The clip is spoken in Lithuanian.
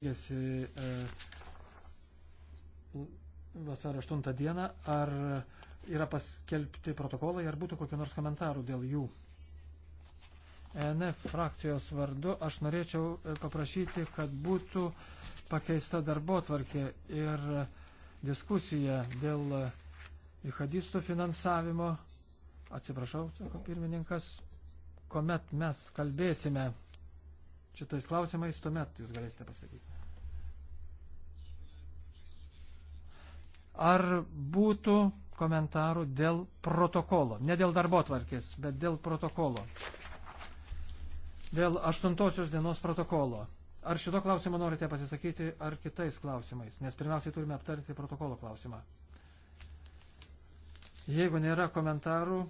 baigėsi e, vasaro 8 dieną, ar yra paskelbti protokolai, ar būtų kokiu nors komentarų dėl jų. E NF frakcijos vardu aš norėčiau e, paprašyti, kad būtų pakeista darbo tvarkė ir diskusija dėl jihadistų finansavimo. Atsiprašau, sako pirmininkas, kuomet mes kalbėsime šitais klausimais, tuomet jūs galėsite pasakyti. Ar būtų komentarų dėl protokolo, ne dėl darbo tvarkės, bet dėl protokolo, dėl aštuntosios dienos protokolo. Ar šito klausimo norite pasisakyti, ar kitais klausimais, nes pirmiausiai turime aptarti protokolo klausimą. Jeigu nėra komentarų,